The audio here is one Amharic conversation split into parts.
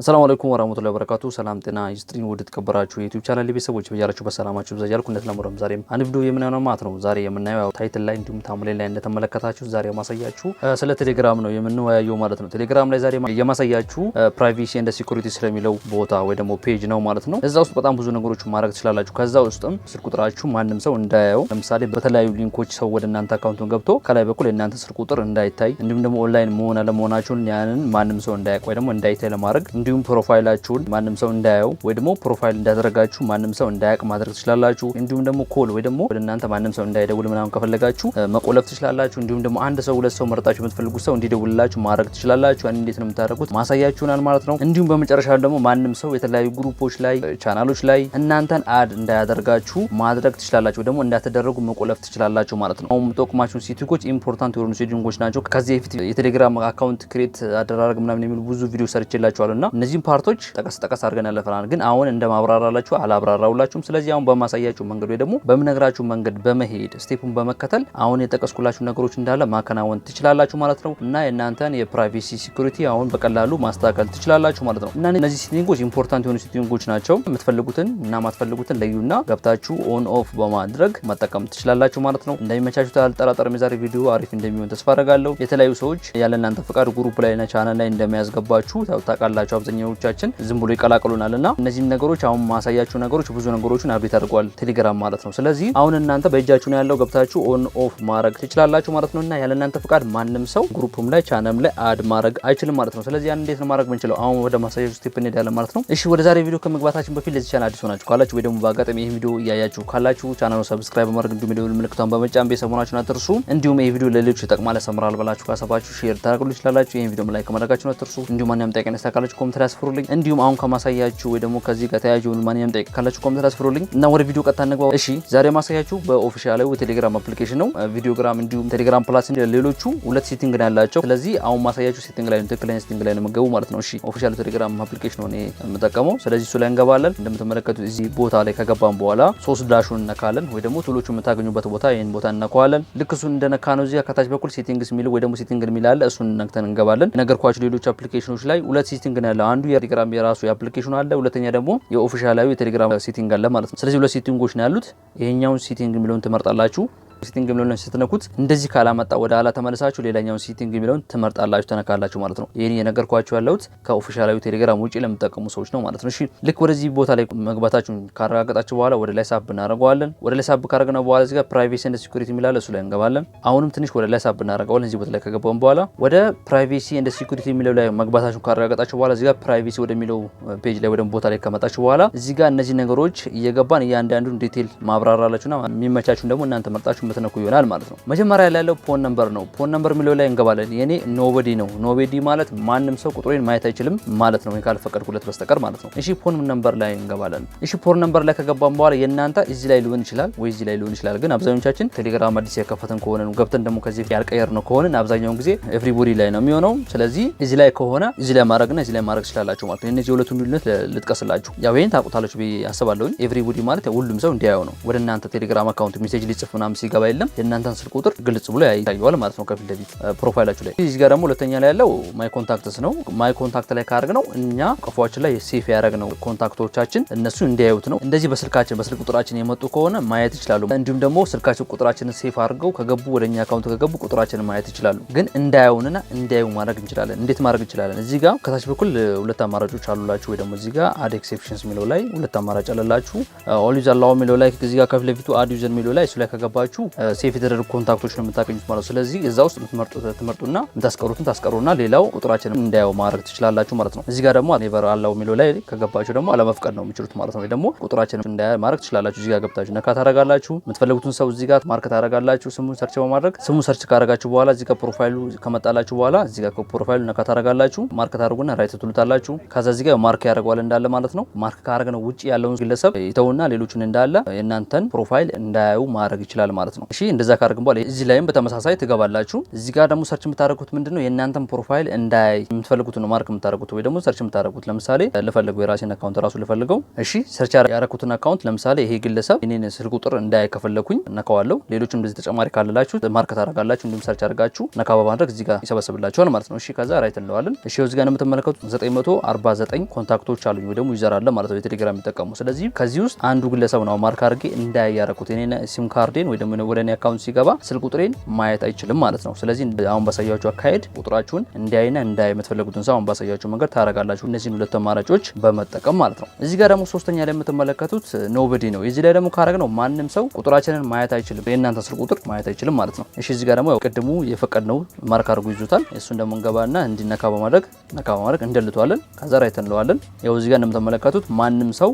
አሰላሙ አለይኩም ወራህመቱላሂ ወበረካቱ። ሰላም ጤና ይስጥልኝ። ውድ ተከበራችሁ የዩቲዩብ ቻናል ቤተሰቦች በያላችሁ በሰላማችሁ ብዛ እያልኩ እንደት ዛሬም አንድ ቪዲዮ የምናየው ማለት ነው። ዛሬ የምናየው ታይትል ላይ እንዲሁም ታምሌን ላይ እንደተመለከታችሁ ዛሬ የማሳያችሁ ስለ ቴሌግራም ነው የምንወያየው ማለት ነው። ቴሌግራም ላይ ዛሬ የማሳያችሁ ፕራይቬሲ ኤንድ ሲኩሪቲ ስለሚለው ቦታ ወይ ደግሞ ፔጅ ነው ማለት ነው። እዛ ውስጥ በጣም ብዙ ነገሮች ማድረግ ትችላላችሁ። ከዛ ውስጥም ስልክ ቁጥራችሁ ማንም ሰው እንዳያየው፣ ለምሳሌ በተለያዩ ሊንኮች ሰው ወደ እናንተ አካውንቱን ገብቶ ከላይ በኩል የእናንተ ስልክ ቁጥር እንዳይታይ እንዲሁም ደግሞ ኦንላይን መሆን አለመሆናችሁን ያንን ማንም ሰው እንዳያውቅ ወይ ደግሞ እንዳይታይ ለማድረግ እንዲሁም ፕሮፋይላችሁን ማንም ሰው እንዳያየው ወይ ደግሞ ፕሮፋይል እንዳደረጋችሁ ማንም ሰው እንዳያቅ ማድረግ ትችላላችሁ። እንዲሁም ደግሞ ኮል ወይ ደግሞ ወደ እናንተ ማንም ሰው እንዳይደውል ምናምን ከፈለጋችሁ መቆለፍ ትችላላችሁ። እንዲሁም ደግሞ አንድ ሰው ሁለት ሰው መርጣችሁ የምትፈልጉ ሰው እንዲደውልላችሁ ማድረግ ትችላላችሁ። ያን እንዴት ነው የምታደርጉት ማሳያችሁናል ማለት ነው። እንዲሁም በመጨረሻ ደግሞ ማንም ሰው የተለያዩ ግሩፖች ላይ ቻናሎች ላይ እናንተን አድ እንዳያደርጋችሁ ማድረግ ትችላላችሁ፣ ደግሞ እንዳተደረጉ መቆለፍ ትችላላችሁ ማለት ነው። አሁን የምጠቁማችሁን ሴቲንጎች ኢምፖርታንት የሆኑ ሴቲንጎች ናቸው። ከዚህ በፊት የቴሌግራም አካውንት ክሬት አደራረግ ምናምን የሚሉ ብዙ ቪዲዮ ሰርቼላችኋለሁ እና እነዚህም ፓርቶች ጠቀስ ጠቀስ አድርገን ያለፈናል፣ ግን አሁን እንደ ማብራራላችሁ አላብራራውላችሁም። ስለዚህ አሁን በማሳያችሁ መንገድ ወይ ደግሞ በምነግራችሁ መንገድ በመሄድ ስቴፑን በመከተል አሁን የጠቀስኩላችሁ ነገሮች እንዳለ ማከናወን ትችላላችሁ ማለት ነው እና የእናንተን የፕራይቬሲ ሲኩሪቲ አሁን በቀላሉ ማስተካከል ትችላላችሁ ማለት ነው እና እነዚህ ሴቲንጎች ኢምፖርታንት የሆኑ ሴቲንጎች ናቸው። የምትፈልጉትን እና ማትፈልጉትን ለዩና ገብታችሁ ኦን ኦፍ በማድረግ መጠቀም ትችላላችሁ ማለት ነው። እንደሚመቻችሁ አልጠራጠርም። የዛሬ ቪዲዮ አሪፍ እንደሚሆን ተስፋ አደርጋለሁ። የተለያዩ ሰዎች ያለ እናንተ ፈቃድ ጉሩፕ ላይ ና ቻናል ላይ እንደሚያስገባችሁ ታውቃላችሁ። አብዛኛዎቻችን ዝም ብሎ ይቀላቀሉናል እና እነዚህም ነገሮች አሁን ማሳያችሁ ነገሮች ብዙ ነገሮችን አብዴት አድርጓል ቴሌግራም ማለት ነው። ስለዚህ አሁን እናንተ በእጃችሁ ነው ያለው ገብታችሁ ኦን ኦፍ ማድረግ ትችላላችሁ ማለት ነው እና ያለ እናንተ ፍቃድ ማንም ሰው ግሩፕም ላይ ቻነም ላይ አድ ማድረግ አይችልም ማለት ነው። ስለዚህ ያን እንዴት ነው ማድረግ ምንችለው? አሁን ወደ ማሳያችሁ ስቴፕ እንሄዳለን ማለት ነው። እሺ ወደ ዛሬ ቪዲዮ ከመግባታችን በፊት ለዚህ ቻናል አዲስ ሆናችሁ ካላችሁ ወይ ደግሞ በአጋጣሚ ይህ ቪዲዮ እያያችሁ ካላችሁ ቻናሉ ሰብስክራይብ በማድረግ እንዲሁም ደወል ምልክቷን በመጫን ቤተሰብ አትርሱ። እንዲሁም ይህ ቪዲዮ ለሌሎች ይጠቅማል ያስተምራል ብላችሁ ካሰባችሁ ሼር ታደርጉልኝ ትችላላችሁ። ይህን ቪዲዮ ላይክ ማድረጋችሁን አትርሱ። እንዲሁም ማንኛውም ጥያቄ ካላችሁ ኮሜንት ያስፍሩልኝ። እንዲሁም አሁን ከማሳያችሁ ወይ ደግሞ ከዚህ ጋር ተያያዥ የሆኑ ማንኛውም ጠይቅ ካላችሁ ኮሜንት ያስፍሩልኝ እና ወደ ቪዲዮ ቀጥታ እንግባ። እሺ ዛሬ ማሳያችሁ በኦፊሻላዊ ቴሌግራም አፕሊኬሽን ነው። ቪዲዮግራም እንዲሁም ቴሌግራም ፕላስ ሌሎቹ ሁለት ሴቲንግ ነው ያላቸው። ስለዚህ አሁን ማሳያችሁ ሴቲንግ ላይ ነው፣ ትክክለኛ ሴቲንግ ላይ ነው የምገቡ ማለት ነው። እሺ ኦፊሻል ቴሌግራም አፕሊኬሽን ነው እኔ የምጠቀመው። ስለዚህ እሱ ላይ እንገባለን። እንደምትመለከቱት እዚህ ቦታ ላይ ከገባን በኋላ ሶስት ዳሹን እነካለን፣ ወይ ደግሞ ቱሎቹ የምታገኙበት ቦታ ይህን ቦታ እነካዋለን። ልክ እሱን እንደነካ ነው እዚህ ከታች በኩል ሴቲንግስ የሚል ወይ ደግሞ ሴቲንግ የሚል አለ። እሱን ነክተን እንገባለን። ነገርኳችሁ ሌሎች አፕሊኬሽኖች ላይ ሁለት ሴቲንግ ነው ያለ አንዱ የቴሌግራም የራሱ የአፕሊኬሽን አለ፣ ሁለተኛ ደግሞ የኦፊሻላዊ የቴሌግራም ሴቲንግ አለ ማለት ነው። ስለዚህ ሁለት ሴቲንጎች ነው ያሉት። ይሄኛውን ሴቲንግ የሚለውን ትመርጣላችሁ። ሲቲንግ የሚለውን ስትነኩት እንደዚህ ካላመጣ ወደ ኋላ ተመልሳችሁ ሌላኛውን ሲቲንግ የሚለውን ትመርጣላችሁ፣ ተነካላችሁ ማለት ነው። ይህን የነገርኳችሁ ያለሁት ከኦፊሻላዊ ቴሌግራም ውጭ ለምጠቀሙ ሰዎች ነው ማለት ነው። እሺ ልክ ወደዚህ ቦታ ላይ መግባታችሁን ካረጋገጣችሁ በኋላ ወደ ላይ ሳብ እናደርገዋለን። ወደ ላይ ሳብ ካደረግነው በኋላ እዚህ ፕራይቬሲ ኤንድ ሲኩሪቲ የሚላለ እሱ ላይ እንገባለን። አሁንም ትንሽ ወደ ላይ ሳብ እናደርገዋለን። እዚህ ቦታ ላይ ከገባን በኋላ ወደ ፕራይቬሲ ኤንድ ሲኩሪቲ የሚለው ላይ መግባታችሁን ካረጋገጣችሁ በኋላ እዚህ ፕራይቬሲ ወደሚለው ፔጅ ላይ ወደ ቦታ ላይ ከመጣችሁ በኋላ እዚጋ እነዚህ ነገሮች እየገባን እያንዳንዱን ዲቴል ማብራራላችሁና የሚመቻችሁን ደግሞ እናንተ መርጣችሁ የምትነኩ ይሆናል ማለት ነው። መጀመሪያ ላይ ያለው ፖን ነምበር ነው። ፖን ነምበር የሚለው ላይ እንገባለን። የኔ ኖቦዲ ነው። ኖቤዲ ማለት ማንም ሰው ቁጥሬን ማየት አይችልም ማለት ነው፣ ካልፈቀድኩለት በስተቀር ማለት ነው። እሺ ፖን ነምበር ላይ እንገባለን። እሺ ፖን ነምበር ላይ ከገባን በኋላ የእናንተ እዚህ ላይ ሊሆን ይችላል ወይ እዚህ ላይ ሊሆን ይችላል። ግን አብዛኞቻችን ቴሌግራም አዲስ የከፈትን ከሆነ ገብተን ደግሞ ከዚህ ያልቀየር ነው ከሆነ አብዛኛውን ጊዜ ኤቭሪቦዲ ላይ ነው የሚሆነው። ስለዚህ እዚህ ላይ ከሆነ እዚህ ላይ ማድረግና እዚህ ላይ ማድረግ ይችላላችሁ ማለት ነው። እነዚህ ሁለቱን ልዩነት ልጥቀስላችሁ። ያው ይህን ታውቁታላችሁ ብዬ አስባለሁኝ። ኤቭሪቦዲ ማለት ሁሉም ሰው እንዲያየው ነው። ወደ እናንተ ቴሌግራም አካውንት ሜሴጅ ሊጽፍ ምናምን ሲገባ የሚገባ የለም። የእናንተን ስልክ ቁጥር ግልጽ ብሎ ያሳየዋል ማለት ነው ከፊት ለፊት ፕሮፋይላችሁ ላይ። እዚህ ጋር ደግሞ ሁለተኛ ላይ ያለው ማይ ኮንታክትስ ነው። ማይ ኮንታክት ላይ ካደርግ ነው እኛ ቀፏችን ላይ ሴፍ ያደረግ ነው ኮንታክቶቻችን እነሱ እንዲያዩት ነው። እንደዚህ በስልካችን በስልክ ቁጥራችን የመጡ ከሆነ ማየት ይችላሉ። እንዲሁም ደግሞ ስልካችን ቁጥራችንን ሴፍ አድርገው ከገቡ ወደ እኛ አካውንት ከገቡ ቁጥራችንን ማየት ይችላሉ። ግን እንዳያዩንና እንዲያዩ ማድረግ እንችላለን። እንዴት ማድረግ እንችላለን? እዚህ ጋር ከታች በኩል ሁለት አማራጮች አሉላችሁ ወይ ደግሞ እዚህ ጋር አድ ኤክሴፕሽንስ የሚለው ላይ ሁለት አማራጭ አለላችሁ። ኦል ዩዘር ላው የሚለው ላይ እዚህ ጋር ከፊት ለፊቱ አድ ዩዘር የሚለው ላይ እሱ ላይ ከገባችሁ ሴፍ የተደረጉ ኮንታክቶች ነው የምታገኙት ማለት ስለዚህ እዛ ውስጥ ትመርጡና የምታስቀሩትን ታስቀሩና ሌላው ቁጥራችን እንዳየው ማድረግ ትችላላችሁ ማለት ነው። እዚህ ጋር ደግሞ ኔቨር አለው የሚለው ላይ ከገባችሁ ደግሞ አለመፍቀድ ነው የሚችሉት ማለት ነው። ደግሞ ቁጥራችን እንዳያ ማድረግ ትችላላችሁ። እዚህ ጋር ገብታችሁ ነካ ታረጋላችሁ። የምትፈልጉትን ሰው እዚህ ጋር ማርክ ታረጋላችሁ፣ ስሙን ሰርች በማድረግ ስሙን ሰርች ካረጋችሁ በኋላ እዚህ ጋር ፕሮፋይሉ ከመጣላችሁ በኋላ እዚህ ጋር ፕሮፋይሉ ነካ ታረጋላችሁ። ማርክ ታደርጉና ራይት ትሉታላችሁ። ከዛ እዚህ ጋር ማርክ ያደርገዋል እንዳለ ማለት ነው። ማርክ ካረግነው ውጭ ያለውን ግለሰብ ይተውና ሌሎቹን እንዳለ የእናንተን ፕሮፋይል እንዳያዩ ማድረግ ይችላል ማለት ነው። ማለት ነው። እሺ እንደዛ ካደረግን በኋላ እዚህ ላይም በተመሳሳይ ትገባላችሁ። እዚህ ጋር ደግሞ ሰርች የምታደረጉት ምንድን ነው የእናንተን ፕሮፋይል እንዳይ የምትፈልጉት ነው ማርክ የምታደረጉት ወይ ደግሞ ሰርች የምታደረጉት ለምሳሌ ልፈልገው የራሴን አካውንት ራሱ ልፈልገው። እሺ ሰርች ያረኩትን አካውንት ለምሳሌ ይሄ ግለሰብ እኔን ስልክ ቁጥር እንዳይ ከፈለኩኝ ነካዋለሁ። ሌሎችም እንደዚህ ተጨማሪ ካለላችሁ ማርክ ታደርጋላችሁ፣ እንዲሁም ሰርች አድርጋችሁ ነካ በማድረግ እዚህ ጋር ይሰበስብላችኋል ማለት ነው። እሺ ከዛ ራይት እንለዋለን። እሺ እዚህ ጋር እንደምትመለከቱት 949 ኮንታክቶች አሉኝ ወይ ደግሞ ዩዘር አለ ማለት ነው የቴሌግራም የሚጠቀሙ ስለዚህ ከዚህ ውስጥ አንዱ ግለሰብ ነው ማርክ አድርጌ እንዳይ ያረኩት እኔ ሲም ካርዴን ወይ ደግሞ ወደ እኔ አካውንት ሲገባ ስልክ ቁጥሬን ማየት አይችልም ማለት ነው። ስለዚህ አሁን ባሳያችሁ አካሄድ ቁጥራችሁን እንዲያይና እንዳይ የምትፈልጉትን ሰው አሁን ባሳያችሁ መንገድ ታረጋላችሁ። እነዚህን ሁለት አማራጮች በመጠቀም ማለት ነው። እዚህ ጋር ደግሞ ሶስተኛ ላይ የምትመለከቱት ኖብዲ ነው። እዚህ ላይ ደግሞ ካረግ ነው ማንም ሰው ቁጥራችንን ማየት አይችልም፣ የእናንተ ስልክ ቁጥር ማየት አይችልም ማለት ነው። እሺ እዚህ ጋር ደግሞ ቅድሙ የፈቀድ ነው ማርክ አድርጉ ይዙታል። እሱን ደግሞ እንገባና እንዲነካ በማድረግ ነካ በማድረግ እንደልተዋለን። ከዛ ራይት እንለዋለን። ያው እዚህ ጋር እንደምትመለከቱት ማንም ሰው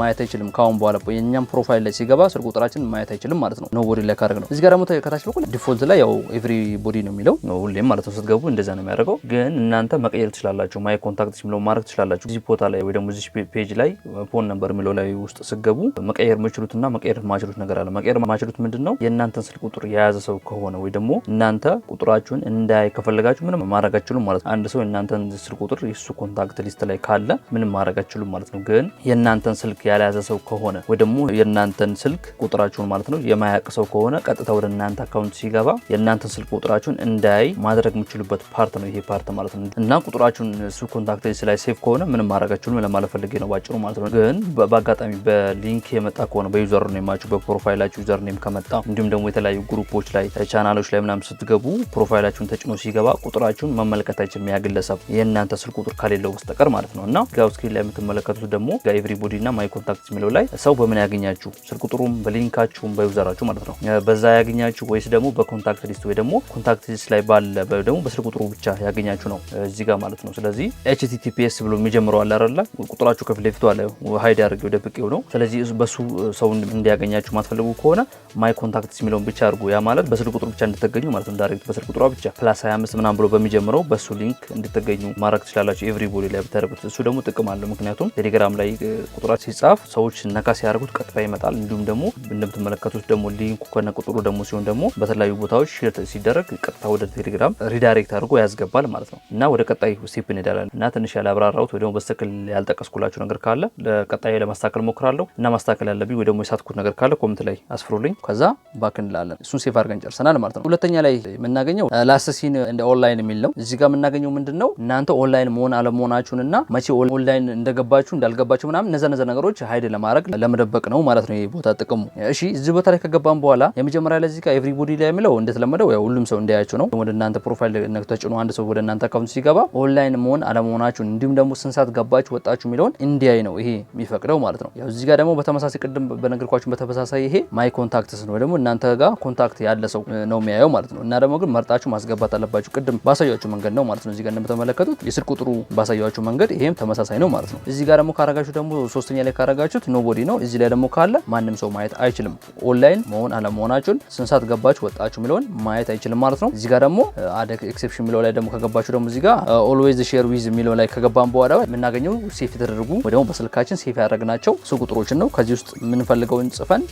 ማየት አይችልም ካሁን በኋላ የእኛም ፕሮፋይል ላይ ሲገባ ስልክ ቁጥራችን ማየት አይችልም ማለት ነው። ኖ ቦዲ ላይ ካደረግ ነው። እዚህ ጋር ደግሞ ከታች በኩል ዲፎልት ላይ ያው ኤቭሪ ቦዲ ነው የሚለው ሁሌም ማለት ነው። ስትገቡ እንደዛ ነው የሚያደርገው። ግን እናንተ መቀየር ትችላላችሁ። ማይ ኮንታክት የሚለው ማድረግ ትችላላችሁ። እዚህ ቦታ ላይ ወይ ደግሞ እዚህ ፔጅ ላይ ፎን ነምበር የሚለው ላይ ውስጥ ስገቡ መቀየር የምችሉትና መቀየር ማችሉት ነገር አለ። መቀየር ማችሉት ምንድን ነው? የእናንተን ስልክ ቁጥር የያዘ ሰው ከሆነ ወይ ደግሞ እናንተ ቁጥራችሁን እንዳይ ከፈለጋችሁ ምንም ማድረግ አችሉም ማለት ነው። አንድ ሰው የእናንተን ስልክ ቁጥር የሱ ኮንታክት ሊስት ላይ ካለ ምንም ማድረግ አችሉም ማለት ነው። ግን የእናንተን ስልክ ያልያዘ ሰው ከሆነ ወይ ደግሞ የእናንተን ስልክ ቁጥራችሁን ማለት ነው የማያቅ ሰው ከሆነ ቀጥታ ወደ እናንተ አካውንት ሲገባ የእናንተን ስልክ ቁጥራችሁን እንዳያይ ማድረግ የምችሉበት ፓርት ነው ይሄ ፓርት ማለት ነው። እና ቁጥራችሁን እሱ ኮንታክት ላይ ሴፍ ከሆነ ምንም ማድረጋችሁንም ለማለት ፈልጌ ነው ባጭሩ ማለት ነው። ግን በአጋጣሚ በሊንክ የመጣ ከሆነ በዩዘር ኔማችሁ በፕሮፋይላችሁ ዩዘር ኔም ከመጣ እንዲሁም ደግሞ የተለያዩ ግሩፖች ላይ ቻናሎች ላይ ምናምን ስትገቡ ፕሮፋይላችሁን ተጭኖ ሲገባ ቁጥራችሁን መመልከት አይችልም ያ ግለሰብ የእናንተ ስልክ ቁጥር ከሌለው በስተቀር ማለት ነው። እና ጋው ላይ የምትመለከቱት ደግሞ ኤቭሪቦዲ እና ማይ ኮንታክት የሚለው ላይ ሰው በምን ያገኛችሁ ስልክ ቁጥሩም በሊንካችሁም በዩዘራችሁ ማለት ነው በዛ ያገኛችሁ ወይስ ደግሞ በኮንታክት ሊስት ወይ ደግሞ ኮንታክት ሊስት ላይ ባለ ደግሞ በስልክ ቁጥሩ ብቻ ያገኛችሁ ነው እዚህ ጋር ማለት ነው። ስለዚህ ኤችቲቲፒኤስ ብሎ የሚጀምረው አለ አይደለ? ቁጥራችሁ ከፊት ለፊቱ አለ ሀይድ ያደርገው ደብቄው ነው። ስለዚህ በሱ ሰው እንዲያገኛችሁ ማትፈልጉ ከሆነ ማይ ኮንታክት የሚለውን ብቻ አድርጉ። ያ ማለት በስልክ ቁጥሩ ብቻ እንድትገኙ ማለት ነው። ዳይሬክት በስልክ ቁጥሯ ብቻ ፕላስ 25 ምናም ብሎ በሚጀምረው በሱ ሊንክ እንድትገኙ ማድረግ ትችላላችሁ። ኤቭሪቦዲ ላይ ብታደርጉት እሱ ደግሞ ጥቅም አለው። ምክንያቱም ቴሌግራም ላይ ቁጥራችን ሲጻፍ ሰዎች ነካ ሲያደርጉት ቀጥታ ይመጣል። እንዲሁም ደግሞ እንደምትመለከቱት ደግሞ ሊንኩ ከነ ቁጥሩ ደግሞ ሲሆን ደግሞ በተለያዩ ቦታዎች ሼር ሲደረግ ቀጥታ ወደ ቴሌግራም ሪዳይሬክት አድርጎ ያስገባል ማለት ነው እና ወደ ቀጣይ ስቴፕ እንሄዳለን እና ትንሽ ያላብራራሁት ወይ ደግሞ በስተክል ያልጠቀስኩላችሁ ነገር ካለ ለቀጣይ ለማስተካከል ሞክራለሁ እና ማስተካከል ያለብኝ ወይ ደግሞ የሳትኩት ነገር ካለ ኮምት ላይ አስፍሩልኝ። ከዛ ባክ እንላለን። እሱን ሴፍ አድርገን ጨርሰናል ማለት ነው። ሁለተኛ ላይ የምናገኘው ላስሲን እንደ ኦንላይን የሚል ነው። እዚህ ጋር የምናገኘው ምንድን ነው እናንተ ኦንላይን መሆን አለመሆናችሁን እና መቼ ኦንላይን እንደገባችሁ እንዳልገባችሁ ምናምን እነዛ ነገር ነገሮች ሀይድ ለማድረግ ለመደበቅ ነው ማለት ነው ቦታ ጥቅሙ። እሺ እዚህ ቦታ ላይ ከገባን በኋላ የመጀመሪያ ለዚህ ጋር ኤቭሪቦዲ ላይ የሚለው እንደተለመደው ሁሉም ሰው እንዲያያችሁ ነው። ወደ እናንተ ፕሮፋይል ተጭኖ አንድ ሰው ወደ እናንተ አካውንት ሲገባ ኦንላይን መሆን አለመሆናችሁን እንዲሁም ደግሞ ስንት ሰዓት ገባችሁ ወጣችሁ የሚለውን እንዲያይ ነው ይሄ የሚፈቅደው ማለት ነው። ያው እዚህ ጋር ደግሞ በተመሳሳይ ቅድም በነገርኳችሁ በተመሳሳይ ይሄ ማይ ኮንታክትስ ነው ደግሞ እናንተ ጋር ኮንታክት ያለ ሰው ነው የሚያየው ማለት ነው። እና ደግሞ ግን መርጣችሁ ማስገባት አለባችሁ። ቅድም ባሳያችሁ መንገድ ነው ማለት ነው። እዚህ ጋር እንደምተመለከቱት የስልክ ቁጥሩ ባሳያችሁ መንገድ ይሄም ተመሳሳይ ነው ማለት ነው። እዚህ ጋር ደግሞ ካረጋችሁ ደግሞ ሶስተኛ ላይ ካረጋችሁት ኖቦዲ ነው። እዚህ ላይ ደግሞ ካለ ማንም ሰው ማየት አይችልም። ኦንላይን መሆን አለመሆናችሁን ስንት ሰዓት ገባችሁ ወጣችሁ የሚለውን ማየት አይችልም ማለት ነው። እዚህ ጋር ደግሞ አደ ኤክሴፕሽን የሚለው ላይ ደግሞ ከገባችሁ ደግሞ እዚህ ጋር ኦልዌይዝ ሼር ዊዝ የሚለው ላይ ከገባን በኋላ የምናገኘው ሴፍ የተደረጉ ወይ ደግሞ በስልካችን ሴፍ ያደረግናቸው ሱ ቁጥሮችን ነው። ከዚህ ውስጥ የምንፈልገውን ጽፈን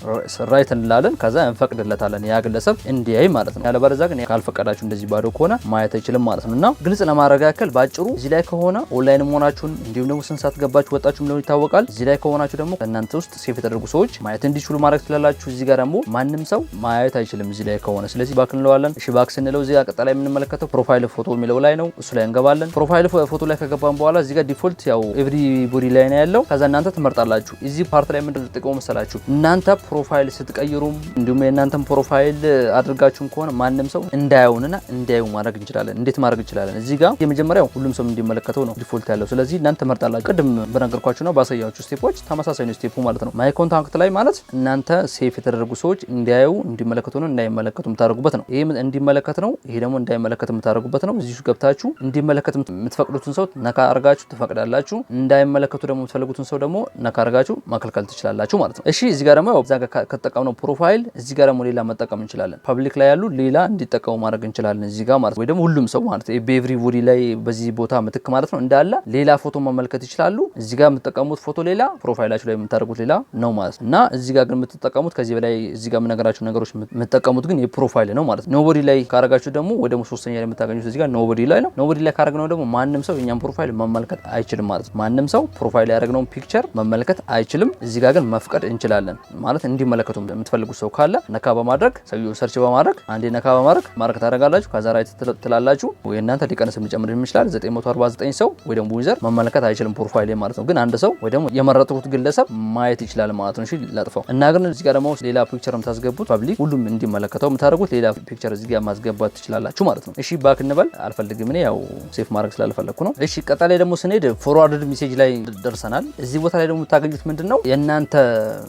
ራይት እንላለን። ከዛ እንፈቅድለታለን ያ ግለሰብ እንዲያይ ማለት ነው። ያለበለዛ ግን ካልፈቀዳችሁ እንደዚህ ባዶ ከሆነ ማየት አይችልም ማለት ነው። እና ግልጽ ለማድረግ ያክል በአጭሩ እዚህ ላይ ከሆነ ኦንላይን መሆናችሁን እንዲሁም ደግሞ ስንት ሰዓት ገባችሁ ወጣችሁ ሊሆን ይታወቃል እዚህ ላይ ላይ ከሆናችሁ ደግሞ እናንተ ውስጥ ሴፍ የተደረጉ ሰዎች ማየት እንዲችሉ ማድረግ ትችላላችሁ። እዚህ ጋር ደግሞ ማንም ሰው ማየት አይችልም እዚህ ላይ ከሆነ። ስለዚህ ባክ እንለዋለን። እሺ ባክ ስንለው እዚህ ጋር ቀጣይ የምንመለከተው ፕሮፋይል ፎቶ የሚለው ላይ ነው። እሱ ላይ እንገባለን። ፕሮፋይል ፎቶ ላይ ከገባን በኋላ እዚህ ጋር ዲፎልት ያው ኤቭሪ ቦዲ ላይ ነው ያለው። ከዛ እናንተ ትመርጣላችሁ። እዚህ ፓርት ላይ ምንድን ጥቅሙ መሰላችሁ? እናንተ ፕሮፋይል ስትቀይሩም እንዲሁም የእናንተን ፕሮፋይል አድርጋችሁም ከሆነ ማንም ሰው እንዳያውንና እንዳያዩ ማድረግ እንችላለን። እንዴት ማድረግ እንችላለን? እዚህ ጋር የመጀመሪያው ሁሉም ሰው እንዲመለከተው ነው ዲፎልት ያለው። ስለዚህ እናንተ ትመርጣላችሁ። ቅድም በነገርኳችሁና ባሳያችሁ ስቴፖች ተመሳሳይ ነው ስቴፑ ማለት ነው። ማይ ኮንታክት ላይ ማለት እናንተ ሴፍ የተደረጉ ሰዎች እንዲያዩ እንዲመለከቱ ነው እንዳይመለከቱ የምታደርጉበት ነው። ይህ እንዲመለከት ነው፣ ይሄ ደግሞ እንዳይመለከት የምታደርጉበት ነው። እዚሁ ገብታችሁ እንዲመለከት የምትፈቅዱትን ሰው ነካ አርጋችሁ ትፈቅዳላችሁ። እንዳይመለከቱ ደግሞ የምትፈልጉትን ሰው ደግሞ ነካ አርጋችሁ መከልከል ትችላላችሁ ማለት ነው። እሺ እዚህ ጋር ደግሞ እዛ ከተጠቀምነው ፕሮፋይል እዚህ ጋር ደግሞ ሌላ መጠቀም እንችላለን። ፐብሊክ ላይ ያሉ ሌላ እንዲጠቀሙ ማድረግ እንችላለን እዚህ ጋር ማለት ወይ ደግሞ ሁሉም ሰው ማለት በኤቭሪ ቦዲ ላይ በዚህ ቦታ ምትክ ማለት ነው እንዳለ ሌላ ፎቶ መመልከት ይችላሉ። እዚህ ጋር የምትጠቀሙት ፎቶ ሌላ ፕሮፋይላችሁ ላይ የምታደርጉት ሌላ ነው ማለት ነው እና እዚህ ጋር ግን የምትጠቀሙት ከዚህ በላይ እዚህ ጋር የምነገራቸው ነገሮች የምትጠቀሙት ግን የፕሮፋይል ነው ማለት ነው። ኖቦዲ ላይ ካረጋችሁ ደግሞ ወደ ሶስተኛ ላይ የምታገኙት እዚህ ጋር ኖቦዲ ላይ ነው። ኖቦዲ ላይ ካረግነው ደግሞ ማንም ሰው የኛም ፕሮፋይል መመልከት አይችልም ማለት ነው። ማንም ሰው ፕሮፋይል ያደረግነውን ፒክቸር መመልከት አይችልም። እዚህ ጋር ግን መፍቀድ እንችላለን ማለት እንዲመለከቱ የምትፈልጉት ሰው ካለ ነካ በማድረግ ሰውዬው ሰርች በማድረግ አንዴ ነካ በማድረግ ማርክ ታደረጋላችሁ። ከዛ ራይት ትላላችሁ ወይ እናንተ ሊቀንስ ሊጨምር ይችላል 949 ሰው ወይ ደግሞ ዩዘር መመልከት አይችልም ፕሮፋይል ማለት ነው። ግን አንድ ሰው ወይ ደግሞ የመረ የሚቆጣጠሩት ግለሰብ ማየት ይችላል ማለት ነው። እሺ ላጥፋው እና ግን እዚህ ጋር ደግሞ ሌላ ፒክቸር የምታስገቡት ፐብሊክ ሁሉም እንዲመለከተው የምታደርጉት ሌላ ፒክቸር እዚህ ጋር ማስገባት ትችላላችሁ ማለት ነው። እሺ ባክ እንበል አልፈልግም፣ እኔ ያው ሴፍ ማድረግ ስላልፈለግኩ ነው። እሺ ላይ ደግሞ ስንሄድ ፎርዋርድ ሜሴጅ ላይ ደርሰናል። እዚህ ቦታ ላይ ደግሞ የምታገኙት ምንድን ነው የእናንተ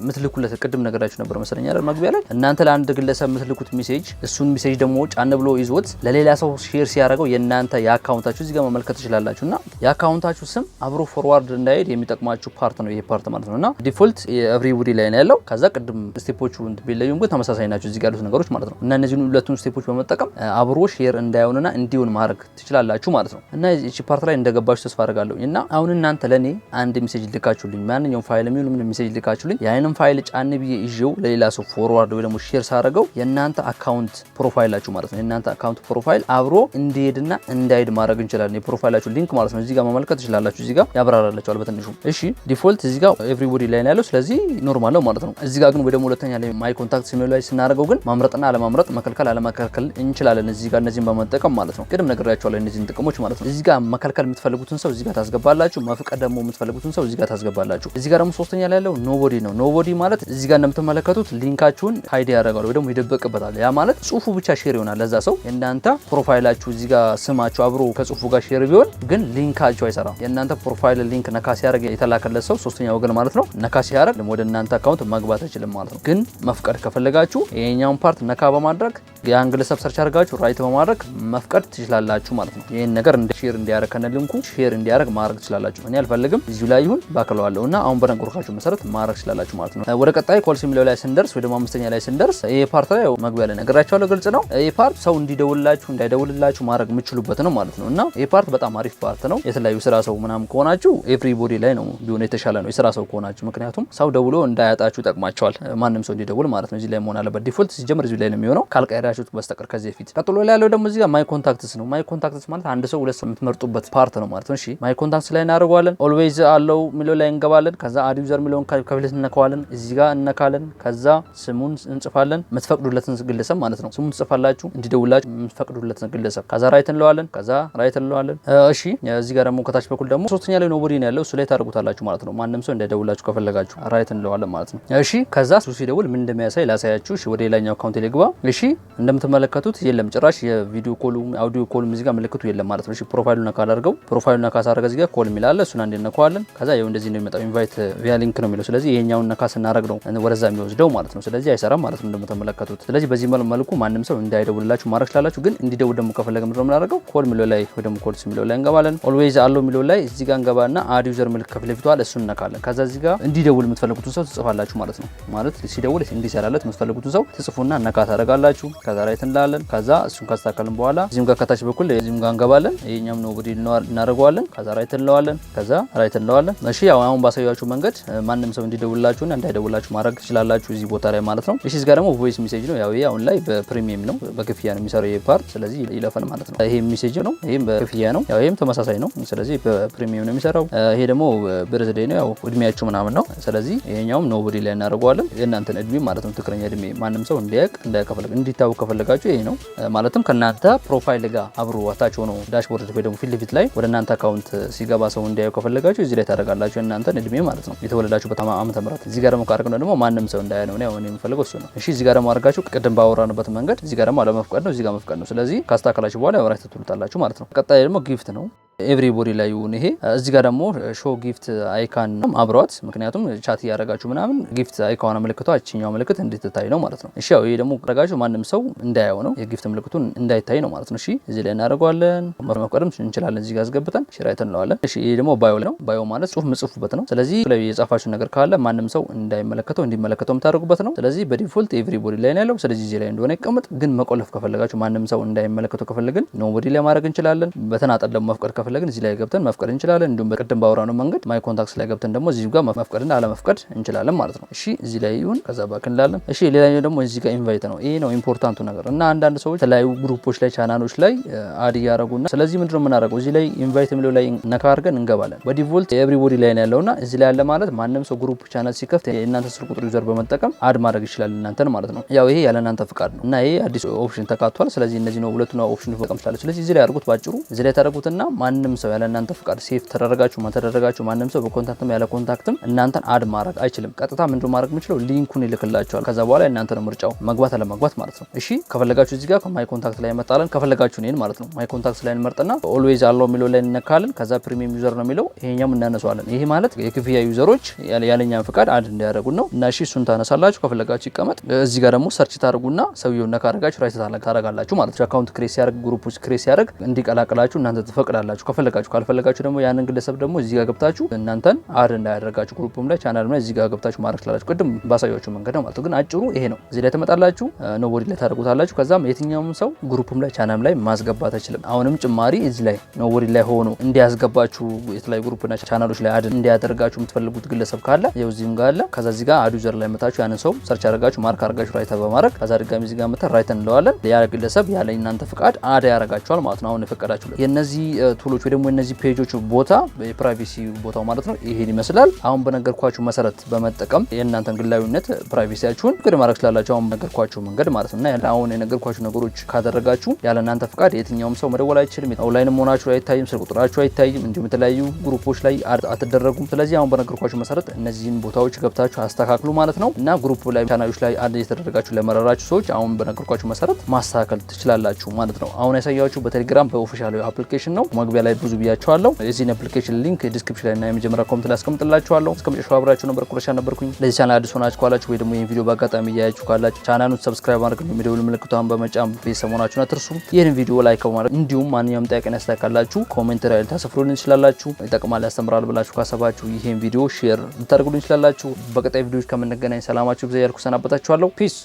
ምትልኩለት ቅድም ነገራችሁ ነበር መሰለኝ አይደል መግቢያ ላይ እናንተ ለአንድ ግለሰብ ምትልኩት ሜሴጅ እሱን ሜሴጅ ደግሞ ጫን ብሎ ይዞት ለሌላ ሰው ሼር ሲያደርገው የእናንተ የአካውንታችሁ እዚህ ጋር መመልከት ትችላላችሁ እና የአካውንታችሁ ስም አብሮ ፎርዋርድ እንዳይሄድ የሚጠቅማችሁ ፓርት ነው ይሄ ፓርት ማለት ነው እና ዲፎልት የኤቭሪ ቡዲ ላይ ነው ያለው። ከዛ ቅድም ስቴፖቹ ቢለዩም ግን ተመሳሳይ ናቸው እዚጋ ያሉት ነገሮች ማለት ነው እና እነዚህን ሁለቱን ስቴፖች በመጠቀም አብሮ ሼር እንዳይሆንና እንዲሆን ማድረግ ትችላላችሁ ማለት ነው እና እቺ ፓርት ላይ እንደገባችሁ ተስፋ አድርጋለሁ እና አሁን እናንተ ለእኔ አንድ ሜሴጅ ልካችሁልኝ ማንኛውም ፋይል የሚሆን ምን ሜሴጅ ልካችሁልኝ የአይንም ፋይል ጫን ብዬ ይዤው ለሌላ ሰው ፎርዋርድ ወይ ደግሞ ሼር ሳደርገው የእናንተ አካውንት ፕሮፋይላችሁ ማለት ነው የእናንተ አካውንት ፕሮፋይል አብሮ እንዲሄድና እንዳይሄድ ማድረግ እንችላለን። የፕሮፋይላችሁ ሊንክ ማለት ነው እዚጋ ጋር መመልከት ትችላላችሁ። እዚጋ ያብራራላችኋል እሺ ዲፎልት እዚህ ጋር ላይ ያለው ስለዚህ ኖርማል ነው ማለት ነው። እዚህ ጋር ግን ወደ ሁለተኛ ላይ ማይ ኮንታክት ሲሚ ላይ ስናደርገው ግን ማምረጥና አለማምረጥ መከልከል አለመከልከል እንችላለን። እዚህ ጋር እነዚህን በመጠቀም ማለት ነው። ቅድም ነግሬያቸዋለሁ እነዚህን ጥቅሞች ማለት ነው። እዚህ ጋር መከልከል የምትፈልጉትን ሰው እዚህ ጋር ታስገባላችሁ። መፍቀድ ደግሞ የምትፈልጉትን ሰው እዚህ ጋር ታስገባላችሁ። እዚህ ጋር ደግሞ ሶስተኛ ላይ ያለው ኖቦዲ ነው። ኖቦዲ ማለት እዚህ ጋር እንደምትመለከቱት ሊንካችሁን ሀይድ ያደርጋል ወይ ደግሞ ይደበቅበታል። ያ ማለት ጽሁፉ ብቻ ሼር ይሆናል ለዛ ሰው። የእናንተ ፕሮፋይላችሁ እዚህ ጋር ስማችሁ አብሮ ከጽሁፉ ጋር ሼር ቢሆን ግን ሊንካችሁ አይሰራም። የእናንተ ፕሮፋይል ሊንክ ነካ ሲያደርግ የተላከለት ሰው ሶስተኛ ሶስተኛ ወገን ማለት ነው ነካ ሲያደርግ ወደ እናንተ አካውንት መግባት አይችልም ማለት ነው። ግን መፍቀድ ከፈለጋችሁ ይሄኛውን ፓርት ነካ በማድረግ የአንግል ሰብ ሰርች አድርጋችሁ ራይት በማድረግ መፍቀድ ትችላላችሁ ማለት ነው። ይህን ነገር እንደ ሼር እንዲያደርግ ከነ ሊንኩ ሼር እንዲያደርግ ማድረግ ትችላላችሁ። እኔ አልፈልግም እዚሁ ላይ ይሁን ባክለዋለሁ እና አሁን በነገርኳችሁ መሰረት ማድረግ ትችላላችሁ ማለት ነው። ወደ ቀጣይ ኮልስ የሚለው ላይ ስንደርስ ወይ ደግሞ አምስተኛ ላይ ስንደርስ ይህ ፓርት ላይ መግቢያ ላይ ነገራችኋለሁ። ግልጽ ነው። ይህ ፓርት ሰው እንዲደውልላችሁ እንዳይደውልላችሁ ማድረግ የምችሉበት ነው ማለት ነው እና ይህ ፓርት በጣም አሪፍ ፓርት ነው። የተለያዩ ስራ ሰው ምናምን ከሆናችሁ ኤቭሪ ቦዲ ላይ ነው ቢሆን የተሻለ ነው የስራ ሰው ከሆናችሁ ምክንያቱም ሰው ደውሎ እንዳያጣችሁ ይጠቅማቸዋል። ማንም ሰው እንዲደውል ማለት ነው። እዚህ ላይ መሆን አለበት። ዲፎልት ሲጀምር እዚህ ላይ ነው የሚሆነው ካልቀረ ከዳሾች በስተቀር ከዚህ በፊት ቀጥሎ ላይ ያለው ደግሞ እዚጋ ማይ ኮንታክትስ ነው። ማይ ኮንታክትስ ማለት አንድ ሰው ሁለት ሰው የምትመርጡበት ፓርት ነው ማለት ነው። እሺ ማይ ኮንታክትስ ላይ እናደርገዋለን። ኦልዌይዝ አለው የሚለው ላይ እንገባለን። ከዛ አድ ዩዘር ሚሊዮን ከፊልት እነካዋለን። እነካለን። ከዛ ስሙን እንጽፋለን፣ የምትፈቅዱለትን ግለሰብ ማለት ነው። ስሙን ትጽፋላችሁ፣ እንዲደውላችሁ የምትፈቅዱለትን ግለሰብ። ከዛ ራይት እንለዋለን። ከዛ ራይት እንለዋለን። እሺ እዚጋ ደግሞ ከታች በኩል ደግሞ ሶስተኛ ላይ ኖቦዲ ነው ያለው። እሱ ላይ ታደርጉታላችሁ ማለት ነው። ማንም ሰው እንዳይደውላችሁ ከፈለጋችሁ ራይት እንለዋለን ማለት ነው። እሺ ከዛ እሱ ሲደውል ምን እንደሚያሳይ ላሳያችሁ። ወደ ሌላኛው አካውንት ሊግባ። እሺ እንደምትመለከቱት የለም ጭራሽ የቪዲዮ ኮሉም አውዲዮ ኮሉም እዚህ ጋር ምልክቱ የለም ማለት ነው። እሺ ፕሮፋይሉ ነካ አድርገው ፕሮፋይሉ ነካ ሳደረገ እዚህ ኮል የሚላለ እሱን አንዴ ነካዋለን። ከዛ ይኸው እንደዚህ ነው የሚመጣው ኢንቫይት ቪያ ሊንክ ነው የሚለው። ስለዚህ ይሄኛውን ነካ ስናደረግ ነው ወደዛ የሚወስደው ማለት ነው። ስለዚህ አይሰራም ማለት ነው እንደምትመለከቱት። ስለዚህ በዚህ መልኩ ማንም ሰው እንዳይደውልላችሁ ማድረግ ትችላላችሁ። ግን እንዲደውል ደግሞ ከፈለገ ምንድነው የምናደርገው? ኮል የሚለው ላይ ወይ ደግሞ ኮልስ የሚለው ላይ እንገባለን። ኦልዌይዝ አለው የሚለው ላይ እዚጋ እንገባና አድ ዩዘር ምልክ ከፊት ለፊቷ እሱን ነካለን። ከዛ እዚጋ እንዲደውል የምትፈልጉትን ሰው ትጽፋላችሁ ማለት ነው። ማለት ሲደውል እንዲሰራለት የምትፈልጉትን ሰው ትጽፉና ነካ ታደረጋላችሁ። ከዛ ራይት እንላለን። ከዛ እሱን ካስተካከልን በኋላ እዚህም ጋር ከታች በኩል እዚህም ጋር እንገባለን። ይሄኛም ነው ቡዲ እናደርገዋለን። ከዛ ራይት እንለዋለን። ከዛ ራይት እንለዋለን። እሺ አሁን ባሳያችሁ መንገድ ማንም ሰው እንዲደውላችሁና እንዳይደውላችሁ ማድረግ ትችላላችሁ እዚህ ቦታ ላይ ማለት ነው። እሺ እዚህ ጋር ደግሞ ቮይስ ሜሴጅ ነው። ያው ይሄ አሁን ላይ በፕሪሚየም ነው በክፍያ ነው የሚሰራው ይሄ ፓርት። ስለዚህ ይለፈን ማለት ነው። ይሄ ሜሴጅ ነው። ይሄም በክፍያ ነው። ያው ይሄም ተመሳሳይ ነው። ስለዚህ በፕሪሚየም ነው የሚሰራው። ይሄ ደግሞ ብርዝዴ ነው። ያው እድሜያችሁ ምናምን ነው። ስለዚህ ይሄኛውም ኖቦዲ ላይ እናደርገዋለን። የእናንተን እድሜ ማለት ነው ትክክለኛ እድሜ ማንም ሰው እንዲያውቅ እንዳይከፈልግ እንዲታወቅ ከፈለጋችሁ ይሄ ነው ማለትም ከእናንተ ፕሮፋይል ጋር አብሮ አታች ሆኖ ዳሽቦርድ ወይ ደግሞ ፊት ለፊት ላይ ወደ እናንተ አካውንት ሲገባ ሰው እንዲያዩ ከፈለጋችሁ እዚህ ላይ ታደርጋላችሁ የእናንተን እድሜ ማለት ነው በጣም አመተ ምሕረት እዚህ ጋር ደግሞ ካደረግነው ደግሞ ማንም ሰው እንዳያ ነው እኔ የሚፈልገው እሱ ነው እሺ እዚህ ጋር ደግሞ አድርጋችሁ ቅድም ባወራንበት መንገድ እዚህ ጋር ደግሞ አለመፍቀድ ነው እዚህ ጋር መፍቀድ ነው ስለዚህ ካስተካከላችሁ በኋላ አብራችሁ ትትሉታላችሁ ማለት ነው ቀጣይ ደግሞ ጊፍት ነው ኤቭሪቦዲ ላይ ይሁን ይሄ። እዚህ ጋር ደግሞ ሾ ጊፍት አይካን አብሯት፣ ምክንያቱም ቻት እያረጋችሁ ምናምን ጊፍት አይካን ምልክቷ እችኛው ምልክት እንድትታይ ነው ማለት ነው። እሺ ያው ይሄ ደግሞ ረጋችሁ ማንም ሰው እንዳያየው ነው የጊፍት ምልክቱን እንዳይታይ ነው ማለት ነው። እሺ እዚህ ላይ እናደርገዋለን። መፍቀድም እንችላለን። እዚህ ጋር አስገብተን ሽራይት እንለዋለን። እሺ ይሄ ደግሞ ባዮ ነው። ባዮ ማለት ጽሁፍ ምጽፉበት ነው። ስለዚህ ላይ የጻፋችሁ ነገር ካለ ማንም ሰው እንዳይመለከተው እንዲመለከተው የምታደርጉበት ነው። ስለዚህ በዲፎልት ኤቭሪቦዲ ላይ ነው ያለው። ስለዚህ እዚህ ላይ እንደሆነ ይቀመጥ። ግን መቆለፍ ከፈለጋችሁ ማንም ሰው እንዳይመለከተው ከፈለግን ኖቦዲ ላይ ማድረግ እንችላለን። በተናጠል ደግሞ መፍቀድ ከፈለግን እዚህ ላይ ገብተን መፍቀድ እንችላለን። እንዲሁም በቅድም ባወራነው መንገድ ማይ ኮንታክት ላይ ገብተን ደግሞ እዚህ ጋር መፍቀድን አለመፍቀድ እንችላለን ማለት ነው። እሺ እዚህ ላይ ይሁን፣ ከዛ ባክ እንላለን። እሺ ሌላኛው ደግሞ እዚህ ጋር ኢንቫይት ነው። ይሄ ነው ኢምፖርታንቱ ነገር እና አንዳንድ ሰዎች የተለያዩ ግሩፖች ላይ ቻናሎች ላይ አድ እያደረጉና ስለዚህ ምንድነው የምናደርገው እዚህ ላይ ኢንቫይት የሚለው ላይ ነካ አድርገን እንገባለን። በዲቮልት ኤቭሪቦዲ ላይ ነው ያለውና እዚህ ላይ ያለ ማለት ማንም ሰው ግሩፕ ቻናል ሲከፍት የእናንተ ስልክ ቁጥር ዩዘር በመጠቀም አድ ማድረግ ይችላል እናንተን ማለት ነው። ያው ይሄ ያለ እናንተ ፍቃድ ነው እና ይሄ አዲስ ኦፕሽን ተካቷል። ስለዚህ እነዚህ ነው ሁለቱን ኦፕሽን መጠቀም ይችላሉ። ስለዚህ እዚህ ላይ ያደርጉት ባጭሩ እዚህ ላይ ታደርጉትና ማን ማንም ሰው ያለ እናንተ ፍቃድ ሴፍ ተደረጋችሁ ማተደረጋችሁ ማንም ሰው በኮንታክትም ያለ ኮንታክትም እናንተን አድ ማድረግ አይችልም። ቀጥታ ምንድን ማድረግ የምችለው ሊንኩን ይልክላቸዋል። ከዛ በኋላ እናንተ ነው ምርጫው መግባት አለመግባት ማለት ነው። እሺ ከፈለጋችሁ እዚህ ጋር ማይ ኮንታክት ላይ መጣለን፣ ከፈለጋችሁ እኔን ማለት ነው። ማይ ኮንታክት ላይ እንመርጥና ኦልዌይዝ አለው የሚለው ላይ እንነካለን። ከዛ ፕሪሚየም ዩዘር ነው የሚለው ይሄኛም እናነሷለን። ይሄ ማለት የክፍያ ዩዘሮች ያለኛን ፍቃድ አድ እንዲያደርጉ ነው እና እሺ እሱን ታነሳላችሁ። ከፈለጋችሁ ይቀመጥ። እዚህ ጋር ደግሞ ሰርች ታደርጉና ሰውየውን ነካ አድርጋችሁ ራይት ታደርጋላችሁ ማለት ነው። አካውንት ክሬት ሲያደርግ ግሩፕ ክሬት ሲያደርግ እንዲቀላቀላችሁ እናንተ ትፈቅዳላችሁ። ከፈለጋችሁ፣ ካልፈለጋችሁ ደግሞ ያንን ግለሰብ ደግሞ እዚህ ጋር ገብታችሁ እናንተን አድ እንዳያደርጋችሁ ግሩፕም ላይ ቻናልም ላይ እዚህ ጋር ገብታችሁ ማድረግ ትችላላችሁ። ቅድም ባሳያችሁ መንገድ ነው ማለት ግን አጭሩ ይሄ ነው። እዚህ ላይ ትመጣላችሁ፣ ኖቦዲ ላይ ታደርጉታላችሁ። ከዛም የትኛውም ሰው ግሩፕም ላይ ቻናልም ላይ ማስገባት አይችልም። አሁንም ጭማሪ እዚህ ላይ ኖቦዲ ላይ ሆኖ እንዲያስገባችሁ የተለያዩ ግሩፕና ቻናሎች ላይ አድ እንዲያደርጋችሁ የምትፈልጉት ግለሰብ ካለ ይኸው እዚህም ጋር አለ። ከዛ እዚህ ጋር አድ ዩዘር ላይ መታችሁ ያንን ሰው ሰርች አደርጋችሁ ማርክ አድርጋችሁ ራይተ በማድረግ ከዛ ድጋሚ እዚህ ጋር መታ ራይተ እንለዋለን። ያ ግለሰብ ያለ እናንተ ፍቃድ አድ ያደርጋችኋል ማለት ነው። አሁን የፈቀዳችሁ የእነዚህ ቱሎ ፔጆች ወይ ደግሞ እነዚህ ፔጆች ቦታ የፕራይቬሲ ቦታው ማለት ነው ይሄን ይመስላል። አሁን በነገርኳችሁ መሰረት በመጠቀም የእናንተን ግላዊነት ፕራይቬሲያችሁን ግድ ማድረግ ስላላችሁ አሁን በነገርኳችሁ መንገድ ማለት ነው እና አሁን የነገርኳችሁ ነገሮች ካደረጋችሁ ያለ እናንተ ፍቃድ የትኛውም ሰው መደወል አይችልም። ኦንላይን መሆናችሁ አይታይም። ስልክ ቁጥራችሁ አይታይም። እንዲሁም የተለያዩ ግሩፖች ላይ አትደረጉም። ስለዚህ አሁን በነገርኳችሁ መሰረት እነዚህን ቦታዎች ገብታችሁ አስተካክሉ ማለት ነው እና ግሩፕ ላይ ቻናሎች ላይ አንድ የተደረጋችሁ ለመረራችሁ ሰዎች አሁን በነገርኳችሁ መሰረት ማስተካከል ትችላላችሁ ማለት ነው። አሁን ያሳያችሁ በቴሌግራም በኦፊሻል አፕሊኬሽን ነው መግቢያ መግቢያ ላይ ብዙ ብያቸዋለሁ። የዚህን አፕሊኬሽን ሊንክ ዲስክሪፕሽን ላይ እና የመጀመሪያ ኮሜንት ላይ አስቀምጥላችኋለሁ። እስከ መጨረሻው አብራችሁ ነበር። ቁረሻ ነበርኩኝ። ለዚህ ቻናል አዲስ ሆናችሁ ካላችሁ ወይ ደግሞ ይህን ቪዲዮ በአጋጣሚ እያያችሁ ካላችሁ ቻናሉን ሰብስክራይብ ማድረግ እንዲሁም የደውል ምልክቷን በመጫን ቤተሰብ መሆናችሁን አትርሱ። ይህን ቪዲዮ ላይክ በማድረግ እንዲሁም ማንኛውም ጥያቄ ያስታካላችሁ ኮሜንት ላይ ልታሰፍሩልን ይችላላችሁ። ይጠቅማል፣ ያስተምራል ብላችሁ ካሰባችሁ ይህን ቪዲዮ ሼር ልታደርጉልን ይችላላችሁ። በቀጣይ ቪዲዮዎች ከምንገናኝ ሰላማችሁ ብዛ ያልኩ ሰናበታችኋለሁ። ፒስ